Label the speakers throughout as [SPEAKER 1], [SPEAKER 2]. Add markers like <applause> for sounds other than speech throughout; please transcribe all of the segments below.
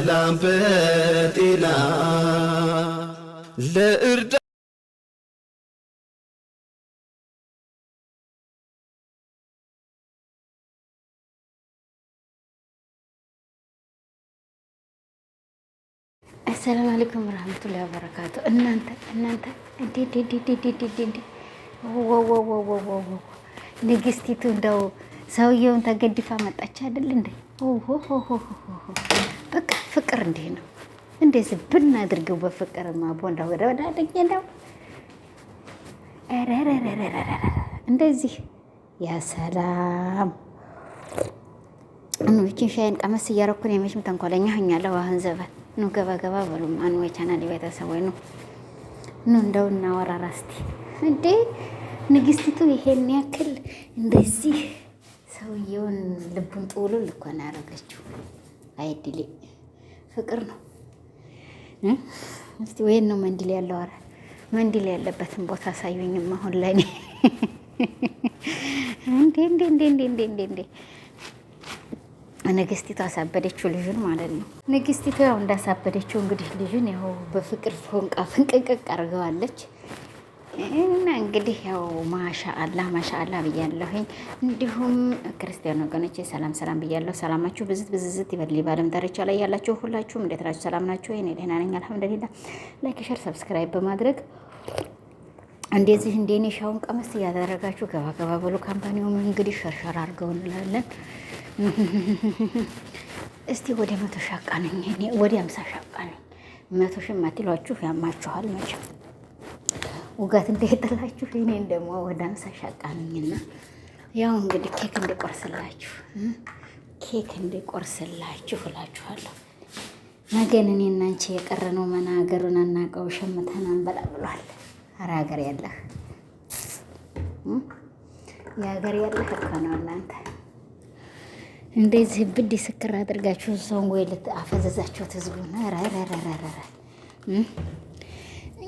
[SPEAKER 1] በሰላም በጤና
[SPEAKER 2] ለእርዳ አሰላም አለይኩም ረህመቱላሂ ወበረካቱ። እናንተ እናንተ ንግስቲቱ እንደው ሰውየውን ተገድፋ መጣች አይደል እንዴ? ፍቅር ፍቅር እንዲህ ነው። እንደዚህ ብናድርገው በፍቅርማ ቦንዳ ወደ ወደ አድርጌ እንደዚህ ያ ሰላም አንቺን ሻይን ቀመስ እያረኩን የመችም ተንኮለኛ ሆኛለሁ። አሁን ዘበን ኑ ገባ ገባ በሉም አን ወይ ቤተሰብ ወይ ነው ኑ እንደው እናወራራ እስቲ። እንዴ ንግስቲቱ ይሄን ያክል እንደዚህ ሰውየውን ልቡን ጥውሉ ልኮን ያደረገችው አይድሌ ፍቅር ነው። እስቲ ወይን ነው መንዲል ያለው። ኧረ መንዲል ያለበትን ቦታ አሳዩኝም። አሁን ላይ እንዴ ንግስቲቱ አሳበደችው ልጁን ማለት ነው። ንግስቲቱ ያው እንዳሳበደችው እንግዲህ ልጁን ያው በፍቅር ፎንቃ ፍንቅቅቅ አድርገዋለች። እና እንግዲህ ያው ማሻአላህ ማሻአላህ ብያለሁኝ። እንዲሁም ክርስቲያን ወገኖች ሰላም ሰላም ብያለሁ። ሰላማችሁ ብዝት ብዝዝት ይበል። ባለም ዳርቻ ላይ ያላችሁ ሁላችሁም እንዴት ናችሁ? ሰላም ናችሁ? እኔ ደህና ነኝ አልሐምዱሊላህ። ላይክ፣ ሸር፣ ሰብስክራይብ በማድረግ እንደዚህ እንደኔ ሻውን ቀመስ እያደረጋችሁ ገባ ገባ በሉ። ካምፓኒውም እንግዲህ ሸርሸር አድርገው እንላለን። እስቲ ወደ መቶ ሻቃ ነኝ ወደ አምሳ ሻቃ ነኝ። መቶ ሺህ ማትሏችሁ ያማችኋል መቼም ውጋት እንዳይጥላችሁ። እኔን ደግሞ ወደ አምሳ ሻቃኑኝና ያው እንግዲህ ኬክ እንዲቆርስላችሁ ኬክ እንዲቆርስላችሁ እላችኋለሁ። ነገን እኔ እናንቺ የቀረነው መና ሀገሩን አናቀው ሸምተን አንበላ ብሏል። አረ ሀገር ያለህ የሀገር ያለህ እኮ ነው እናንተ እንደዚህ ብድ ስክር አድርጋችሁ ሰውን ወይ ልት አፈዘዛችሁት ህዝቡን ረረረረረ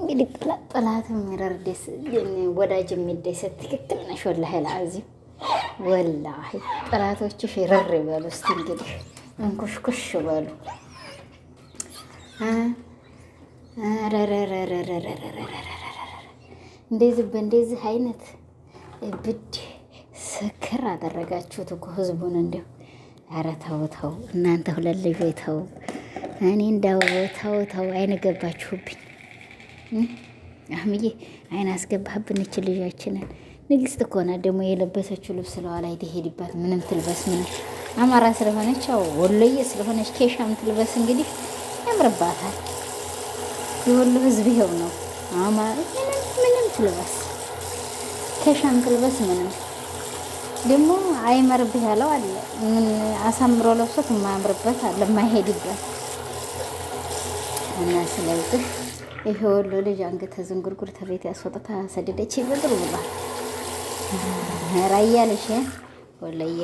[SPEAKER 2] እንግዲህ የሚረር ደስ ወዳጅ የሚደሰት ትክክል ነሽ። ወላሂ ለአዚም ወላሂ ጠላቶችሽ ይረር ይበሉ። እስቲ እንግዲህ እንኩሽኩሽ በሉ። እንደዚህ በእንደዚህ አይነት ብድ ስክር አደረጋችሁት እኮ ህዝቡን። እንዲሁ ኧረ ተው ተው እናንተ ሁለት ልጆች ተው። እኔ ተው ተው አህምዬ አይን አስገባህብን። እች ልጃችንን ንግስት እኮ ደግሞ የለበሰችው ልብስ ለዋ ላይ ምንም ትልበስ ምንም አማራ ስለሆነች ያው ወሎዬ ስለሆነች ኬሻም ትልበስ እንግዲህ ያምርባታል። የወሎ ህዝብ ይኸው ነው። አማራ ምንም ትልበስ ኬሻም ትልበስ ምንም ደግሞ አይመርብህ ያለው አለ። ምን አሳምሮ ለብሶት የማያምርበት አለ የማይሄድበት እና ስለዚህ ይሄ ወሎ ልጅ አንገተ ዝንጉርጉር ተቤት ያስወጥታ ሰደደች ይብጥሩ ብሏል። ራያ ወለየ ወሎዬ፣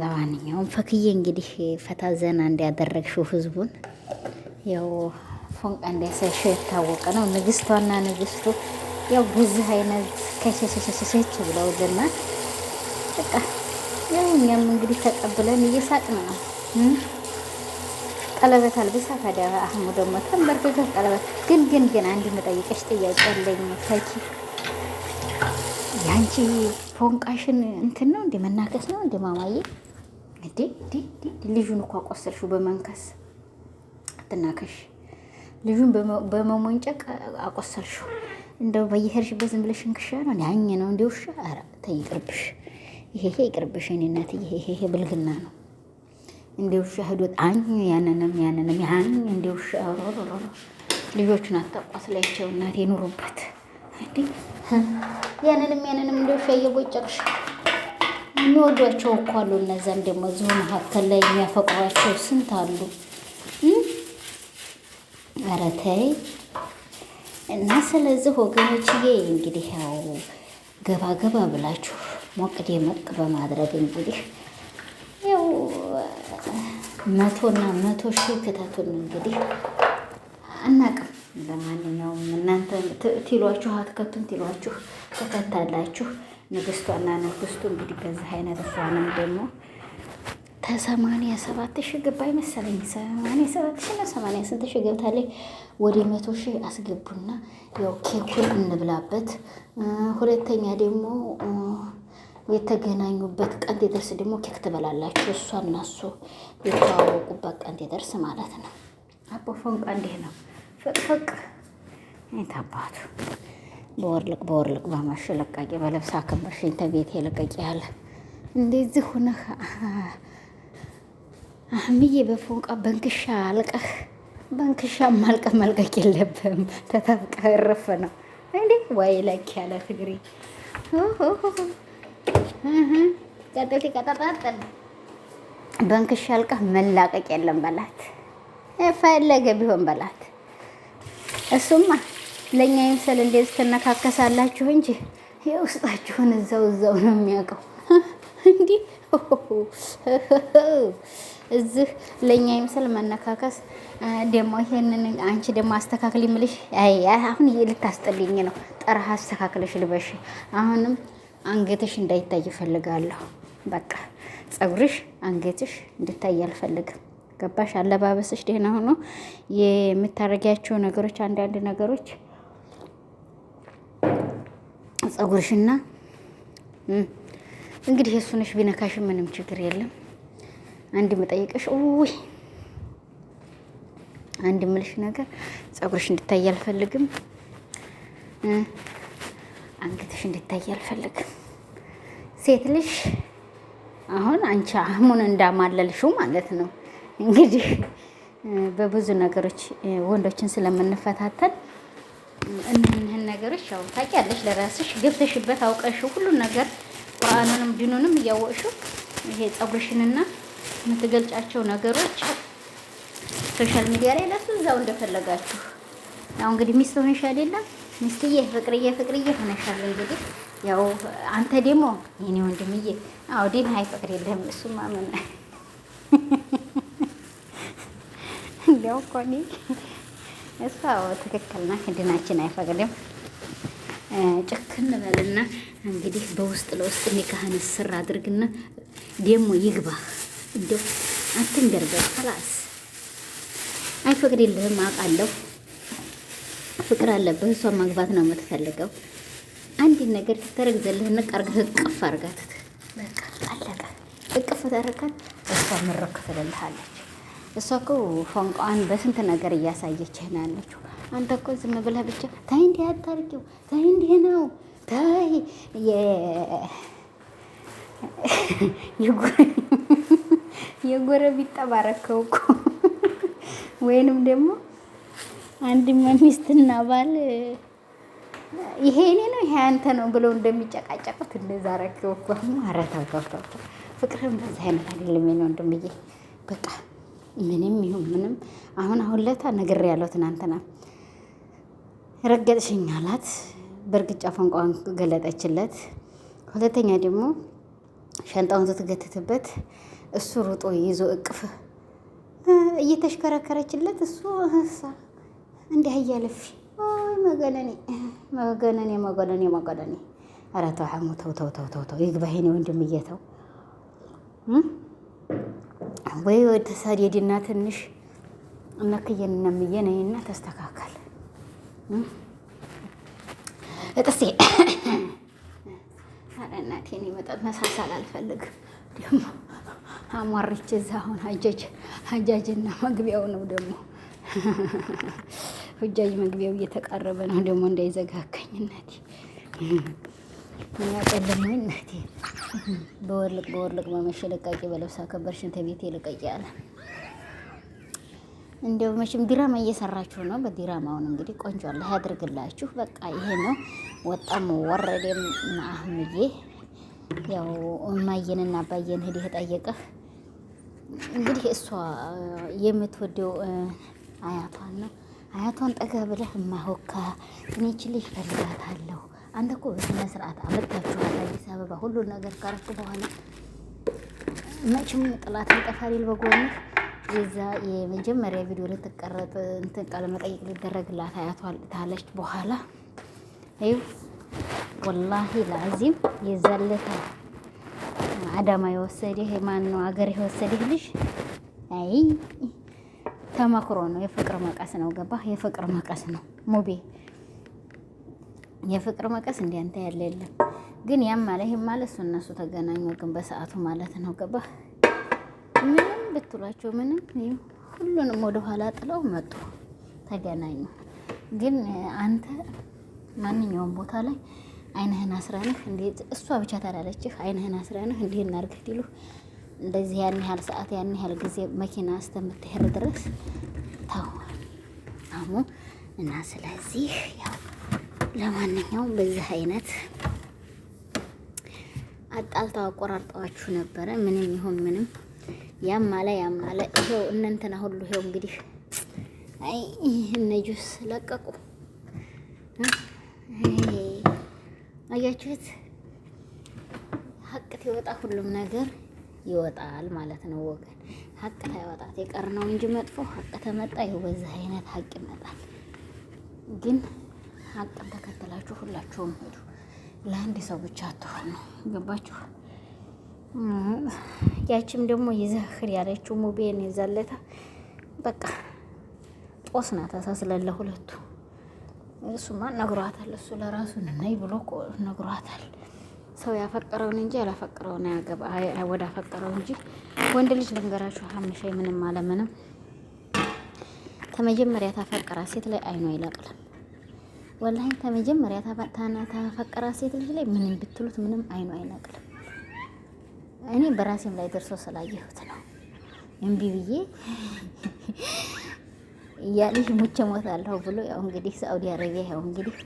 [SPEAKER 2] ለማንኛውም ፈክዬ እንግዲህ ፈታ ዘና እንዲያደረግሽው ህዝቡን ያው ፎንቃ እንዲያሳይሽው የታወቀ ነው። ንግስቷና ንግስቱ ያው ብዙ አይነት ከሸሸሸሸች ብለውልና በቃ ያው እኛም እንግዲህ ተቀብለን እየሳቅን ነው። ቀለበት አልብሳ ታዲያ አህሙ ደግሞ ተንበርክከ ቀለበት ግን ግን ግን አንድ መጠይቀሽ ጥያቄ አለኝ ፈኪ ያንቺ ፎንቃሽን እንትን ነው እንዴ መናከስ ነው እንዴ ማማዬ እንዴ ልጁን እኮ አቆሰልሽው በመንከስ አትናከሽ ልጁን በመሞንጨቅ አቆሰልሽው እንደው በየሄድሽበት ዝም ብለሽ እንክሻ ነው ያኝ ነው እንዲውሻ ውሻ ኧረ ተይ ይቅርብሽ ይሄ ይቅርብሽ እኔ እናትዬ ይሄ ብልግና ነው እንደ ውሻ ሂዶ ጣኝ ያንንም ያንንም ያን እንደ ውሻ ልጆቹን አታቋስላቸው። እናቴ ኑሩበት ያንንም ያንንም እንደ ውሻ እየቦጨቅሽ የሚወዷቸው እኮ አሉ። እነዛም ደግሞ እዚሁ መካከል ላይ የሚያፈቅሯቸው ስንት አሉ። ኧረ ተይ እና ስለዚህ ወገኖችዬ እንግዲህ ያው ገባ ገባ ብላችሁ ሞቅ ደመቅ በማድረግ እንግዲህ መቶና መቶ ሺህ ክተቱን እንግዲህ አናቅም። ለማንኛውም እናንተ ትሏችሁ አትከቱም፣ ቲሏችሁ ትከታላችሁ። ንግስቷና ንግስቱ እንግዲህ በዚህ አይነት እሷንም ደግሞ ከሰማንያ ሰባት ሺህ ገባይ መሰለኝ ሰማንያ ሰባት ሺህ እና ሰማንያ ስንት ሺህ ገብታለች። ወደ መቶ ሺህ አስገቡና ያው ኬኩን እንብላበት። ሁለተኛ ደግሞ የተገናኙበት ቀን ደርስ ደግሞ ኬክ ትበላላችሁ። እሷ እና እሱ የተዋወቁበት ቀን ሲደርስ ማለት ነው። አቦ ፎንቃ እንዲህ ነው ፍቅፍቅ የታባቱ በወርልቅ በወርልቅ በማሽ ለቃቂ በለብስ አከበርሽኝ ተቤት የለቀቂ ያለ እንደዚህ ሁነህ አህምዬ በፎንቃ በንክሻ አልቀህ በንክሻ ማልቀ መልቀቅ የለብህም። ተታፍቀህ እረፍ ነው እንዴ? ዋይ ለክ ያለ ትግሬ ቀጥል ሲቀጠጣጠል በእንክሽ አልቀህ መላቀቅ የለም በላት። ፈለገ ቢሆን በላት። እሱማ ለእኛ ይምሰል እንደዚህ ትነካከሳላችሁ እንጂ የውስጣችሁን እዛው እዛው ነው የሚያውቀው። እንዲህ እዚህ ለእኛ ይምሰል መነካከስ ደግሞ ይሄንን አንቺ ደግሞ አስተካክል ይምልሽ። አሁን ልታስጠልኝ ነው። ጠረህ አስተካክለሽ ልበሽ አሁንም አንገትሽ እንዳይታይ እፈልጋለሁ። በቃ ፀጉርሽ፣ አንገትሽ እንድታይ አልፈልግም። ገባሽ? አለባበስሽ ደህና ሆኖ የምታረጊያቸው ነገሮች፣ አንዳንድ ነገሮች ጸጉርሽና እንግዲህ የእሱንሽ ቢነካሽ ምንም ችግር የለም። አንድ መጠየቅሽ ውይ አንድ ምልሽ ነገር ፀጉርሽ እንድታይ አልፈልግም። አንገትሽ እንዲታይ አልፈልግም። ሴት ልጅ አሁን አንቺ አህሙን እንዳማለልሽው ማለት ነው። እንግዲህ በብዙ ነገሮች ወንዶችን ስለምንፈታተን እነህን ነገሮች ያው ታውቂያለሽ፣ ለራስሽ ገብተሽበት አውቀሽው ሁሉን ነገር ቁርአኑንም ዲኑንም እያወቅሽው ይሄ ጸጉርሽንና የምትገልጫቸው ነገሮች ሶሻል ሚዲያ ላይ ለሱ እዛው እንደፈለጋችሁ ያው እንግዲህ ሚስት ሆነሻል የለም ሚስትዬ ፍቅርዬ ፍቅርዬ ሆነሻል። እንግዲህ ያው አንተ ደግሞ የኔ ወንድምዬ፣ አዎ ዲን ሀይ ፍቅር የለም እሱ ማመን እንዲያው እኮ እሱ እሷ ትክክል ናት። ድናችን አይፈቅድም። ጭክን በልና እንግዲህ በውስጥ ለውስጥ ኒካህን ስር አድርግና ደግሞ ይግባ። እንዲያው አትንገርበት። ላስ አይፈቅድ የለህም አውቃለሁ ፍቅር አለብህ። እሷን ማግባት ነው የምትፈልገው። አንድን ነገር ትተረግዘልህ ንቃርግ እቅፍ አርጋት አለቀ። እቅፍ ተረካት። እሷ ምረክ ትልልሃለች። እሷ እኮ ፎንቋን በስንት ነገር እያሳየችህ ነው ያለችው። አንተ እኮ ዝም ብለህ ብቻ ታይ፣ እንዲህ አታርጊው፣ ታይ፣ እንዲህ ነው ታይ የጎረቢት ጠባረከው እኮ ወይንም ደግሞ አንድ ሚስትና ባል ይሄ እኔ ነው ይሄ አንተ ነው ብለው እንደሚጨቃጨቁት እንደዛ ረኪው እኮ አረታውታውታ ፍቅርም በዛ አይነት አይደለም። የኔ ወንድምዬ በቃ ምንም ይሁን ምንም አሁን አሁን ለታ ነገር ያለው ትናንትና ረገጥሽኝ አላት። በእርግጫ ፈንቋን ገለጠችለት። ሁለተኛ ደግሞ ሻንጣውን ስትገትትበት እሱ ሩጦ ይዞ እቅፍ እየተሽከረከረችለት እሱ እሳ እንዲህ እያለፊ መገነኔ መገነኔ መገነኔ መገነኔ ኧረ ተው ሐሙ ተው ተው ተው ተው ተው ይግባህ የእኔ ወንድምዬ ተው ወይ ተሳደድና ትንሽ እነክዬን እነምዬን እኔና ተስተካከል እጥሴ <coughs> ኧረ እናቴ እኔ መጠጥ መሳሳል አልፈልግም። ደግሞ አሟሪች እዛ አሁን አጃጅ አጃጅና መግቢያው ነው ደግሞ <laughs> ሁጃጅ መግቢያው እየተቃረበ ነው። ደግሞ እንዳይዘጋካኝ እናቴ እናቀለማ እናቴ በወርልቅ በወርልቅ በመሸ ለቃቂ በለብሳ ከበርሽን ተቤት የለቀቂ አለ። እንደው መቼም ዲራማ እየሰራችሁ ነው። በዲራማውን እንግዲህ ቆንጆ አለ ያድርግላችሁ። በቃ ይሄ ነው። ወጣም ወረደም አህምዬ ያው እማየንና አባየን ሂደህ ጠየቀህ። እንግዲህ እሷ የምትወደው አያቷን ነው አያቷን ጠጋ ብለህ ማሆካ እኔችን ልጅ ፈልጋታለሁ። አንተ እኮ በስነ ስርዓት አመጣችኋል አዲስ አበባ። ሁሉን ነገር ካረኩ በኋላ መቼም ጥላትን ጠፋሪ በጎን የዛ የመጀመሪያ ቪዲዮ ልትቀረጥ እንትን ቃለ መጠይቅ ሊደረግላት አያቷል ታለች። በኋላ ይሁ ወላሂ ለአዚም የዛለታ አዳማ የወሰደህ ማን ነው? አገር የወሰደህ ልጅ አይ ተመክሮ ነው። የፍቅር መቀስ ነው። ገባህ? የፍቅር መቀስ ነው ሙቤ። የፍቅር መቀስ እንደ አንተ ያለ የለም። ግን ያም አለ ይሄም አለ እሱ እነሱ ተገናኙ፣ ግን በሰዓቱ ማለት ነው። ገባህ? ምንም ብትሏቸው ምንም ሁሉንም ወደኋላ ጥለው መጡ፣ ተገናኙ። ግን አንተ ማንኛውም ቦታ ላይ አይንህን አስረንህ እንዴት እሷ ብቻ ታላለችህ? አይንህን አስረንህ እንዲህ እናድርግህ ዲሉ እንደዚህ ያን ያህል ሰዓት ያን ያህል ጊዜ መኪና እስከምትሄድ ድረስ ታዋል አሙ እና ስለዚህ ያው ለማንኛውም በዚህ አይነት አጣልተው አቆራርጠዋችሁ ነበረ። ምንም ይሁን ምንም ያማለ ያማለ ይኸው እነንትና ሁሉ ይኸው እንግዲህ አይ እነ ጁስ ለቀቁ። አያችሁት ሀቅት የወጣ ሁሉም ነገር ይወጣል ማለት ነው ወገን። ሀቅ ታይወጣት የቀር ነው እንጂ መጥፎ ሀቅ ተመጣ ይኸው በዚህ አይነት ሀቅ ይመጣል። ግን ሀቅን ተከተላችሁ ሁላችሁም ሄዱ። ለአንድ ሰው ብቻ አትሆኑ። ገባችሁ? ያችም ደግሞ ይዘህር ያለችው ሙቤን ይዛለታ በቃ ጦስ ጦስና ተሳስለለ ሁለቱ እሱማ ነግሯታል። እሱ ለራሱ ነይ ብሎ ነግሯታል። ሰው ያፈቀረውን እንጂ ያላፈቀረውን አያገባ ወደ አፈቀረው እንጂ ወንድ ልጅ ልንገራችሁ፣ ሀምሻይ ምንም አለምንም ተመጀመሪያ ታፈቀራ ሴት ላይ አይኖ አይለቅልም። ወላሂ ተመጀመሪያ ታፈቀራ ሴት ልጅ ላይ ምንም ብትሉት ምንም አይኖ አይላቅልም። እኔ በራሴም ላይ ደርሶ ስላየሁት ነው እምቢ ብዬ ያልሽ ሙቸ ሞት አለሁ ብሎ ያው እንግዲህ ሳውዲ አረቢያ ያው እንግዲህ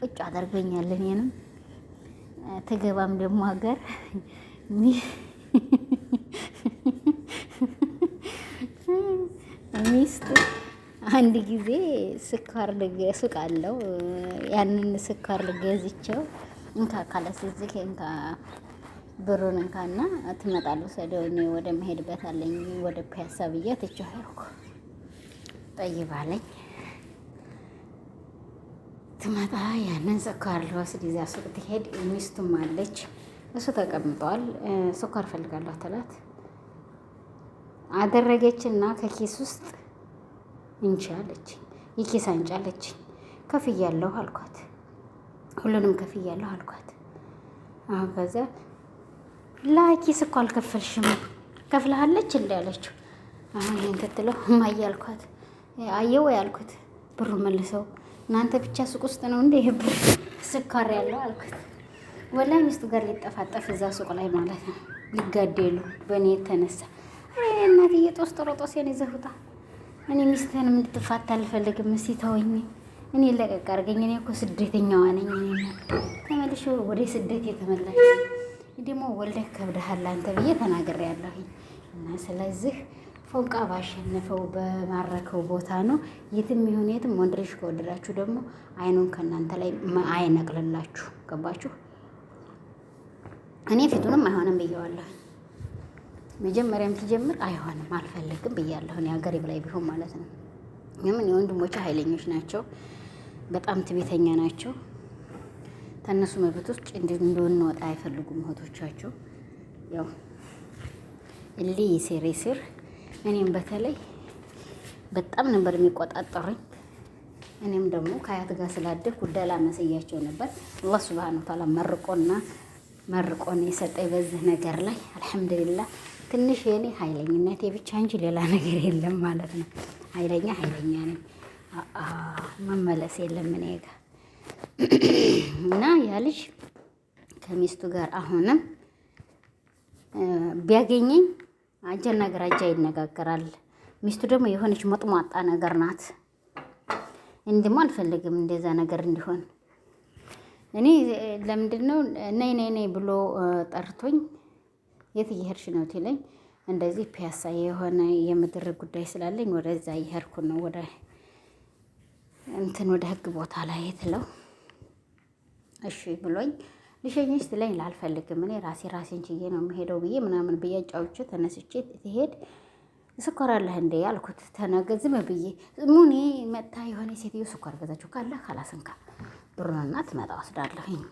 [SPEAKER 2] ቁጭ አደርገኛለን እኔንም ትገባም ደግሞ ሀገር ሚስት አንድ ጊዜ ስኳር ሱቅ አለው። ያንን ስኳር ልገዝቸው እንካ ካለስዝክ እንካ ብሩን እንካና ትመጣሉ ሰደው ወደ መሄድበት አለኝ ወደ ፒያሳ ብያ ትቼው ሄድኩ። ጠይባለኝ ትመጣ ያንን ስኳር ልወስድ ይዛ ሱቅ ትሄድ። ሚስቱም አለች፣ እሱ ተቀምጠዋል። ስኳር ፈልጋለሁ ትላት አደረገችና ከኪስ ውስጥ እንቺ አለች፣ የኪስ አንጭ አለች። ከፍያለሁ አልኳት፣ ሁሉንም ከፍያለሁ አልኳት። አሁን ከዚያ ለኪስ እኮ አልከፈልሽም ከፍልሃለች እንዳለችው አሁን ይህን ትትለው እማዬ አልኳት፣ አየው ያልኩት ብሩ መልሰው እናንተ ብቻ ሱቅ ውስጥ ነው እንደ ይሄ ስካር ያለው አልኩት። ወላሂ ሚስቱ ጋር ሊጠፋጠፍ እዛ ሱቅ ላይ ማለት ነው ሊጋደሉ በእኔ የተነሳ እናት እየጦስ ጦሮጦስ ያን ይዘሁታ። እኔ ሚስትህንም እንድትፋታ አልፈልግም። እስኪ ተወኝ፣ እኔ ለቀቅ አድርገኝ። እኔ እኮ ስደተኛዋ ነኝ። ተመልሽ ወደ ስደት የተመላሽ ደግሞ ወልደህ ከብደሃል አንተ ብዬ ተናግሬያለሁኝ እና ስለዚህ ፎንቃ ባሸነፈው በማረከው ቦታ ነው። የትም ይሁን የትም ወንድሬሽ ልጅ ከወደዳችሁ ደግሞ አይኑን ከእናንተ ላይ አይነቅልላችሁ። ገባችሁ? እኔ ፊቱንም አይሆንም ብየዋለሁ። መጀመሪያም ሲጀምር አይሆንም አልፈልግም ብያለሁ። እኔ ሀገሬ ላይ ቢሆን ማለት ነው። ምን የወንድሞቼ ኃይለኞች ናቸው፣ በጣም ትቤተኛ ናቸው። ከእነሱ መብት ውስጥ እንድንወጣ አይፈልጉም እህቶቻቸው ያው እሊ ሴሬ ስር እኔም በተለይ በጣም ነበር የሚቆጣጠሩኝ። እኔም ደግሞ ከአያት ጋር ስላደግኩ ደላ መስያቸው ነበር። አላህ ሱብሃነሁ ወተዓላ መርቆና መርቆን የሰጠኝ በዚህ ነገር ላይ አልሐምዱሊላ። ትንሽ የኔ ኃይለኝነቴ ብቻ እንጂ ሌላ ነገር የለም ማለት ነው። ኃይለኛ ኃይለኛ ነኝ፣ መመለስ የለም እኔ ጋ እና ያ ልጅ ከሚስቱ ጋር አሁንም ቢያገኘኝ ነገር አጃ ይነጋገራል። ሚስቱ ደግሞ የሆነች መጥሟጣ ነገር ናት። እንዲማ አልፈልግም እንደዛ ነገር እንዲሆን። እኔ ለምንድን ነው ነይ ነይ ነይ ብሎ ጠርቶኝ የት እየሄድሽ ነው ትለኝ፣ እንደዚህ ፒያሳ የሆነ የምድር ጉዳይ ስላለኝ ወደዛ እየሄድኩ ነው ወደ እንትን ወደ ህግ ቦታ ላይ የትለው እሺ ብሎኝ ልሸኝሽ ትለኝ ላልፈልግም እኔ ራሴ ራሴን ችዬ ነው የምሄደው ብዬ ምናምን ብዬ አጫውቼ ተነስቼ ትሄድ ስኮራለህ እንዴ ያልኩት ተነገ ዝም ብዬ ሙኔ መታ የሆነ ሴትዮ ስኳር ገዛችሁ ካለ ካላስንካ ብሩንና ትመጣ ወስዳለሁኝ።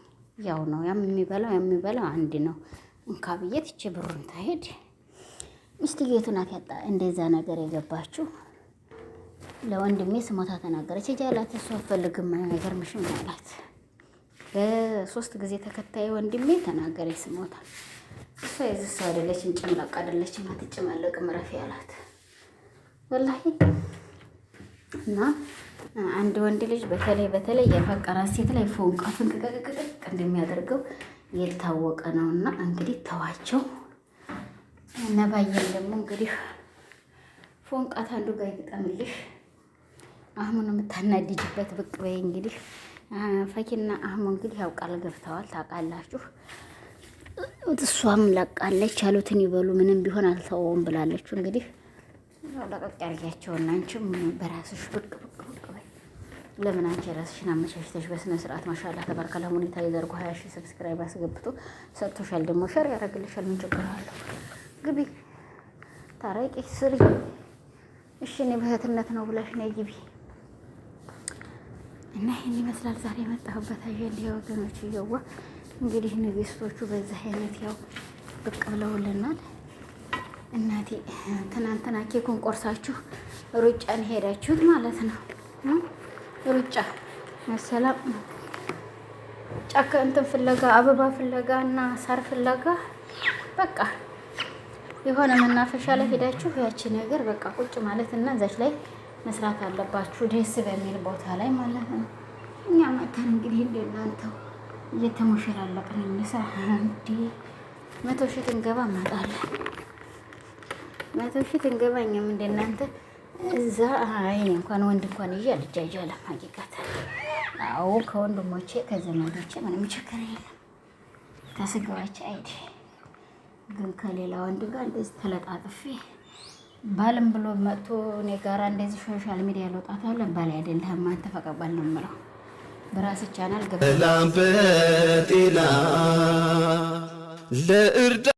[SPEAKER 2] ያው ነው ያም የሚበላው ያም የሚበላው አንድ ነው። እንካ ብዬ ትቼ ብሩን ታሄድ ሚስትየቱ ናት ያጣ እንደዛ ነገር የገባችሁ ለወንድሜ ስሞታ ተናገረች። ጃላት እሱ አፈልግም አይገርምሽም አላት። ሶስት ጊዜ ተከታይ ወንድሜ ተናገረ ስሞታል። እሷ የዚህ ሰው አይደለችም፣ ጭምላቅ አይደለችም፣ አትጨማለቅም ረፊ አላት። ወላሂ እና አንድ ወንድ ልጅ በተለይ በተለይ የፈቀራ ሴት ላይ ፎንቃ ፍንቅቅቅቅቅ እንደሚያደርገው የታወቀ ነው። እና እንግዲህ ተዋቸው። ነባየን ደግሞ እንግዲህ ፎንቃት አንዱ ጋር ይግጠምልሽ። አሁን የምታናድጅበት ብቅ በይ እንግዲህ ፈኪና አህሙ እንግዲህ ያው ቃል ገብተዋል ታውቃላችሁ። እሷም ለቃለች ያሉትን ይበሉ ምንም ቢሆን አልተወውም ብላለች። እንግዲህ ለቀቅ ያርጊያቸውና አንቺም በራስሽ ብቅ ብቅ ብቅ በይ። ለምን አንቺ የራስሽን አመቻችተሽ በስነ ስርዓት ማሻላ ተባርከላ ሁኔታ የዘርጎ ሀያ ሺህ ሰብስክራይብ አስገብቶ ሰጥቶሻል። ደግሞ ሸር ያደረግልሻል። ምን ችግር አለው? ግቢ ታረቂ፣ ስሪ። እሺ እኔ በእህትነት ነው ብለሽ ነይ ግቢ። እና ይህን ይመስላል ዛሬ የመጣሁበት አጀንዳ ወገኖች። እየዋ እንግዲህ ንግስቶቹ በዚህ አይነት ያው ብቅ ብለውልናል። እናቴ ትናንትና ኬኩን ቆርሳችሁ ሩጫን ሄዳችሁት ማለት ነው። ሩጫ መሰላም ጫካ እንትን ፍለጋ አበባ ፍለጋ እና ሳር ፍለጋ በቃ የሆነ መናፈሻ ላይ ሄዳችሁ ያቺ ነገር በቃ ቁጭ ማለት እና እዛች ላይ መስራት አለባችሁ፣ ደስ በሚል ቦታ ላይ ማለት ነው። እኛ መተን እንግዲህ እንደናንተው እየተሞሸላለቅን እንስራ። እንዲ መቶ ሺህ ትንገባ እመጣለሁ፣ መቶ ሺህ ትንገባ። እኛም እንደናንተ እዛ አይኔ እንኳን ወንድ እንኳን ይዤ አልጃጃለም። ሀቂቃት አዎ፣ ከወንድሞቼ ከዘመዶቼ ምንም ችግር የለም ከስጋዎች አይደል ግን ከሌላ ወንድ ጋር እንደዚህ ተለጣጥፌ ባልም ብሎ መጥቶ እኔ ጋራ እንደዚህ ሶሻል ሚዲያ ለውጣት አለ ባል አይደለህም አንተ ፈቀባል ነው የምለው። በራስ ቻናል ገባ ለእርዳ